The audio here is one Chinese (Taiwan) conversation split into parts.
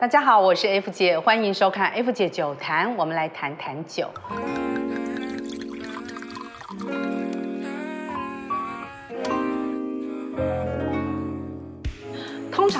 大家好，我是 F 姐，歡迎收看 F 姐酒談，我們來談談酒。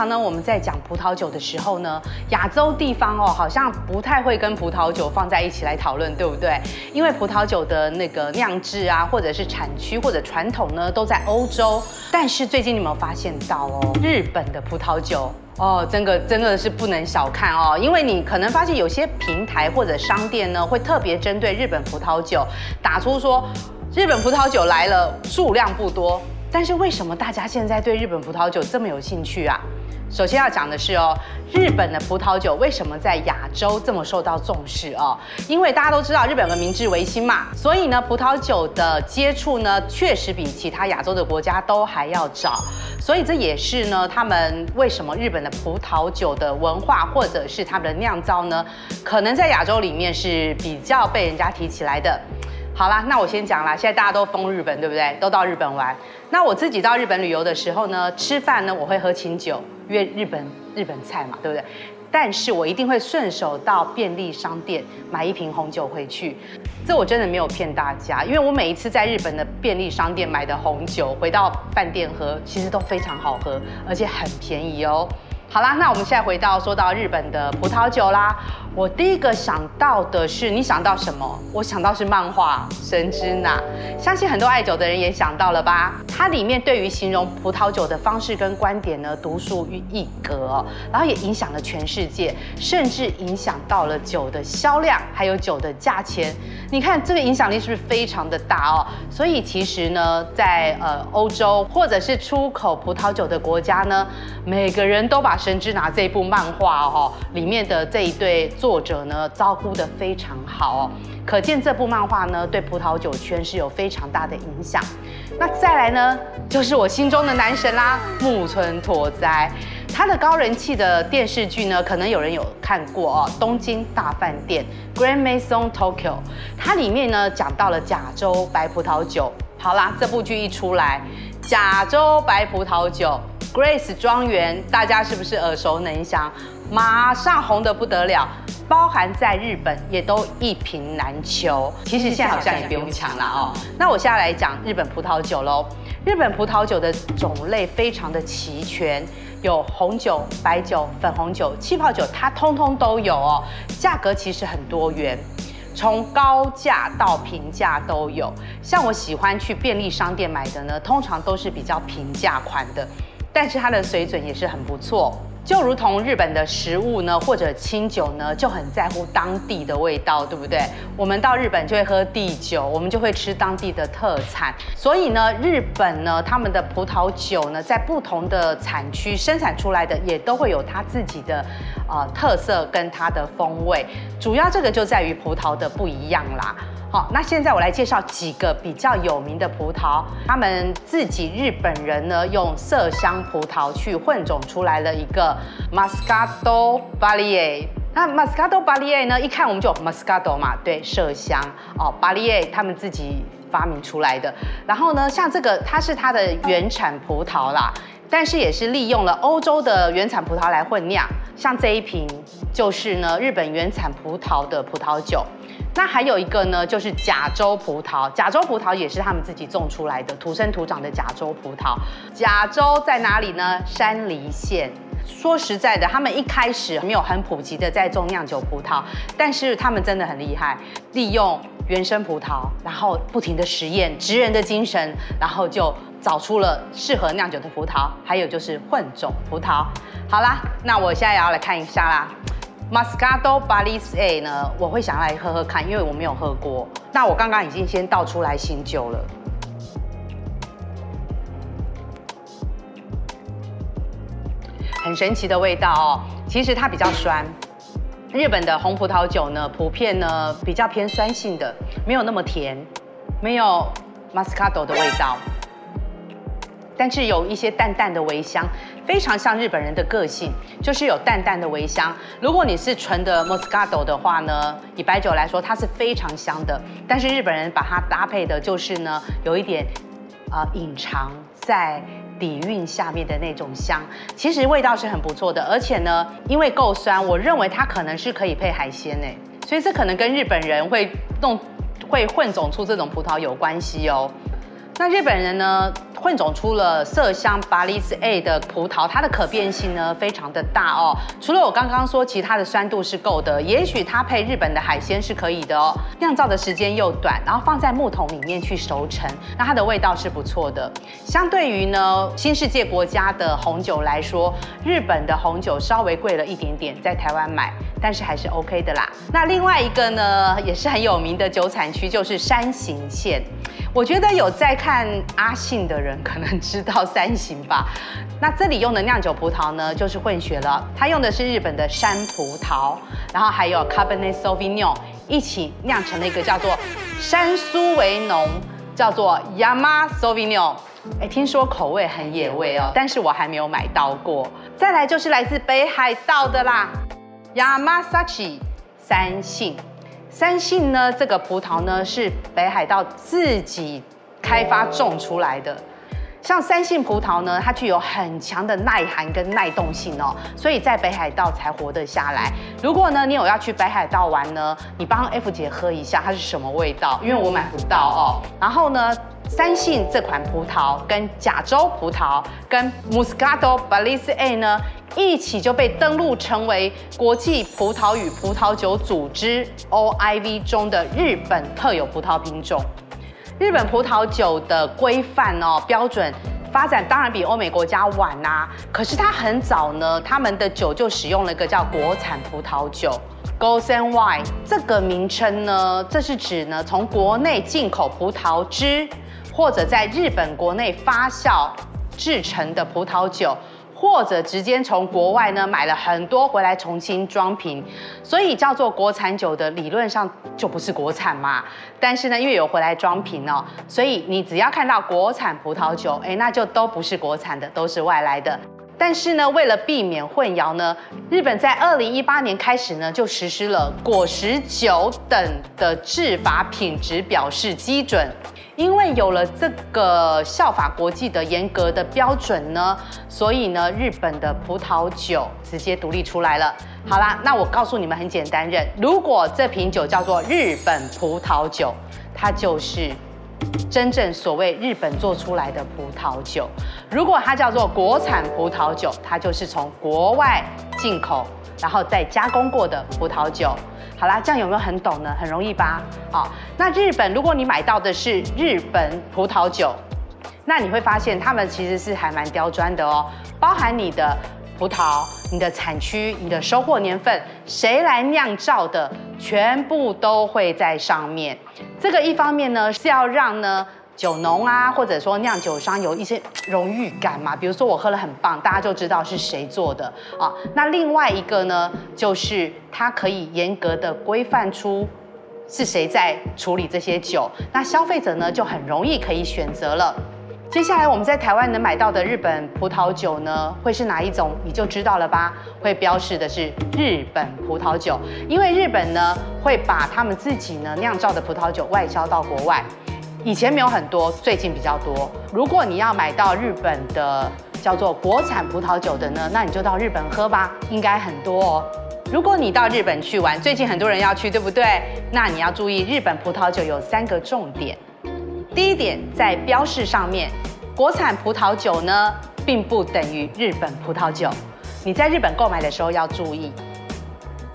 常呢我們在講葡萄酒的時候呢，亞洲地方哦，好像不太會跟葡萄酒放在一起來討論，對不對？因為葡萄酒的那個釀制啊，或者是產區或者傳統呢，都在歐洲。但是最近你有沒有發現到哦，日本的葡萄酒哦，真的真的是不能小看哦，因為你可能發現有些平台或者商店呢，會特別針對日本葡萄酒打出說，日本葡萄酒來了，數量不多。但是為什麼大家現在對日本葡萄酒這麼有興趣啊？首先要講的是哦，日本的葡萄酒為什麼在亞洲這麼受到重視哦？因為大家都知道日本有個明治維新嘛，所以呢葡萄酒的接觸呢確實比其他亞洲的國家都還要早，所以這也是呢他們為什麼日本的葡萄酒的文化或者是他們的釀造呢，可能在亞洲裡面是比較被人家提起來的。好啦。那我先講啦，現在大家都瘋日本對不對？都到日本玩。那我自己到日本旅遊的時候呢，吃飯呢我會喝清酒。因為日本，日本菜嘛，對不對？但是我一定會順手到便利商店買一瓶紅酒回去。這我真的沒有騙大家，因為我每一次在日本的便利商店買的紅酒，回到飯店喝，其實都非常好喝，而且很便宜哦。好啦，那我們現在回到說到日本的葡萄酒啦。我第一個想到的是，你想到什麼？我想到是漫畫《神之雫》，相信很多愛酒的人也想到了吧？它裡面對於形容葡萄酒的方式跟觀點呢，獨樹一格，然後也影響了全世界，甚至影響到了酒的銷量，還有酒的價錢。你看這個影響力是不是非常的大哦？所以其實呢，在呃歐洲或者是出口葡萄酒的國家呢，每個人都把《神之雫》這一部漫畫哦裡面的這一對。作者呢招呼的非常好哦，可見這部漫畫呢對葡萄酒圈是有非常大的影響。那再來呢，就是我心中的男神啦，木村拓哉。他的高人氣的電視劇呢，可能有人有看過哦，《東京大飯店》（Grand Maison Tokyo）。它裡面呢講到了甲州白葡萄酒。好啦，這部劇一出來，甲州白葡萄酒。Grace 莊園，大家是不是耳熟能詳？馬上紅得不得了，包含在日本也都一瓶難求。其實現在好像也不用搶了哦。那我現在來講日本葡萄酒嘍。日本葡萄酒的種類非常的齊全，有紅酒、白酒、粉紅酒、氣泡酒，它通通都有哦。價格其實很多元，從高價到平價都有。像我喜歡去便利商店買的呢，通常都是比較平價款的。但是它的水準也是很不錯，就如同日本的食物呢，或者清酒呢，就很在乎當地的味道，對不對？我們到日本就會喝地酒，我們就會吃當地的特產，所以呢，日本呢，他們的葡萄酒呢，在不同的產區生產出來的，也都會有它自己的。呃，特色跟它的風味，主要這個就在於葡萄的不一樣啦。好，那現在我來介紹幾個比較有名的葡萄，他們自己日本人呢，用麝香葡萄去混種出來了一個 Muscat Bailey A 那 Moscato Bailey 呢？一看我們就有 Moscato 嘛，對，麝香哦，Bailey 他們自己發明出來的。然後呢，像這個，它是它的原產葡萄啦，但是也是利用了歐洲的原產葡萄來混釀。像這一瓶就是呢日本原產葡萄的葡萄酒。那還有一個呢，就是甲州葡萄，甲州葡萄也是他們自己種出來的，土生土長的甲州葡萄。甲州在哪裡呢？山梨縣。說實在的，他們一開始沒有很普及的在種釀酒葡萄，但是他們真的很厲害，利用原生葡萄，然後不停的實驗，職人的精神，然後就找出了適合釀酒的葡萄，還有就是混種葡萄。好啦，那我現在也要來看一下啦，Muscat Bailey A 呢，我會想來喝喝看，因為我沒有喝過。那我剛剛已經先倒出來醒酒了。很神奇的味道哦，其實它比較酸。日本的紅葡萄酒呢，普遍呢比較偏酸性的，沒有那麼甜，沒有 Moscato 的味道，但是有一些淡淡的微香，非常像日本人的個性，就是有淡淡的微香。如果你是純的 Moscato 的話呢，以白酒來說，它是非常香的，但是日本人把它搭配的就是呢，有一點啊，呃，隱藏在。底蘊下面的那種香，其實味道是很不錯的。而且呢，因為夠酸，我認為它可能是可以配海鮮誒。所以這可能跟日本人會弄，會混種出這種葡萄有關係哦。那日本人呢？混種出了麝香巴里斯 A 的葡萄，它的可變性呢，非常的大哦。除了我剛剛說，其他的酸度是夠的，也許它配日本的海鮮是可以的哦。釀造的時間又短，然後放在木桶裡面去熟成，那它的味道是不錯的。相對於呢，新世界國家的紅酒來說，日本的紅酒稍微貴了一點點，在台灣買，但是還是 OK 的啦。那另外一個呢，也是很有名的酒產區，就是山形縣。我覺得有在看阿信的人，可能知道山形吧。那這裡用的釀酒葡萄呢，就是混血了。它用的是日本的山葡萄，然後還有 Cabernet Sauvignon 一起釀成了一個叫做山蘇維農，叫做 Yama Sauvignon。哎，聽說口味很野味哦，但是我還沒有買到過。再來就是來自北海道的啦。雅馬薩奇山幸，山幸呢，這個葡萄呢，是北海道自己開發種出來的。哦、像山幸葡萄呢，它具有很強的耐寒跟耐凍性哦，所以在北海道才活得下來。嗯、如果呢你有要去北海道玩呢，你幫 F 姐喝一下，它是什麼味道，因為我買不到哦、嗯。然後呢，山幸這款葡萄跟甲州葡萄跟 Muscat Bailey A 呢，一起就被登錄成為國際葡萄與葡萄酒組織 （OIV） 中的日本特有葡萄品種。日本葡萄酒的規範哦，標準發展當然比歐美國家晚吶、啊，可是它很早呢，他們的酒就使用了一個叫“國產葡萄酒 ”（Gosen Wine） 這個名稱呢，這是指呢從國內進口葡萄汁或者在日本國內發酵製成的葡萄酒。或者直接從國外呢買了很多回來重新裝瓶，所以叫做國產酒的理論上就不是國產嘛。但是呢又有回來裝瓶哦，所以你只要看到國產葡萄酒，哎，那就都不是國產的，都是外來的。但是呢為了避免混淆呢，日本在二零一八年開始呢就實施了果實酒等的制法品質表示基準。因為有了這個效法國際的嚴格的標準呢，所以呢，日本的葡萄酒直接獨立出來了。好啦，那我告訴你們很簡單，如果這瓶酒叫做日本葡萄酒，它就是真正所謂日本做出來的葡萄酒；如果它叫做國產葡萄酒，它就是從國外進口然後再加工過的葡萄酒。好啦，這樣有沒有很懂呢？很容易吧？好、哦。那日本，如果你買到的是日本葡萄酒，那你會發現他們其實是還蠻刁鑽的哦，包含你的葡萄、你的產區、你的收穫年份、誰來釀造的，全部都會在上面。這個一方面呢是要讓呢酒農啊，或者說釀酒商有一些榮譽感嘛，比如說我喝了很棒，大家就知道是誰做的啊。哦，那另外一個呢，就是它可以嚴格的規範出。是誰在處理這些酒，那消費者呢就很容易可以選擇了。接下來我們在台灣能買到的日本葡萄酒呢，會是哪一種？你就知道了吧？會標示的是日本葡萄酒，因為日本呢會把他們自己呢釀造的葡萄酒外銷到國外。以前沒有很多，最近比較多。如果你要買到日本的叫做國產葡萄酒的呢，那你就到日本喝吧，應該很多哦。如果你到日本去玩，最近很多人要去，對不對？那你要注意，日本葡萄酒有三個重點。第一點在標示上面，國產葡萄酒呢並不等於日本葡萄酒。你在日本購買的時候要注意。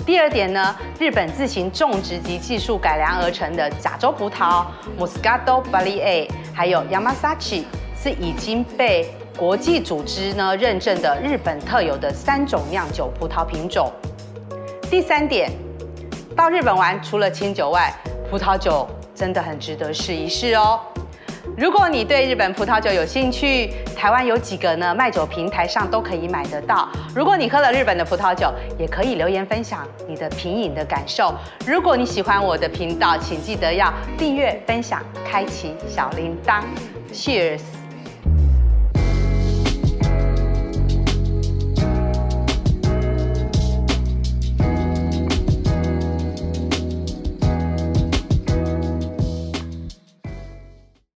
第二點呢，日本自行種植及技術改良而成的甲州葡萄 Muscat Bailey A，還有 Yamasachi，是已經被國際組織呢認證的日本特有的三種釀酒葡萄品種。第三點，到日本玩除了清酒外，葡萄酒真的很值得試一試哦。如果你對日本葡萄酒有興趣，台灣有幾個呢，賣酒平台上都可以買得到。如果你喝了日本的葡萄酒，也可以留言分享你的品飲的感受。如果你喜歡我的頻道，請記得要訂閱、分享、開啟小鈴鐺。Cheers。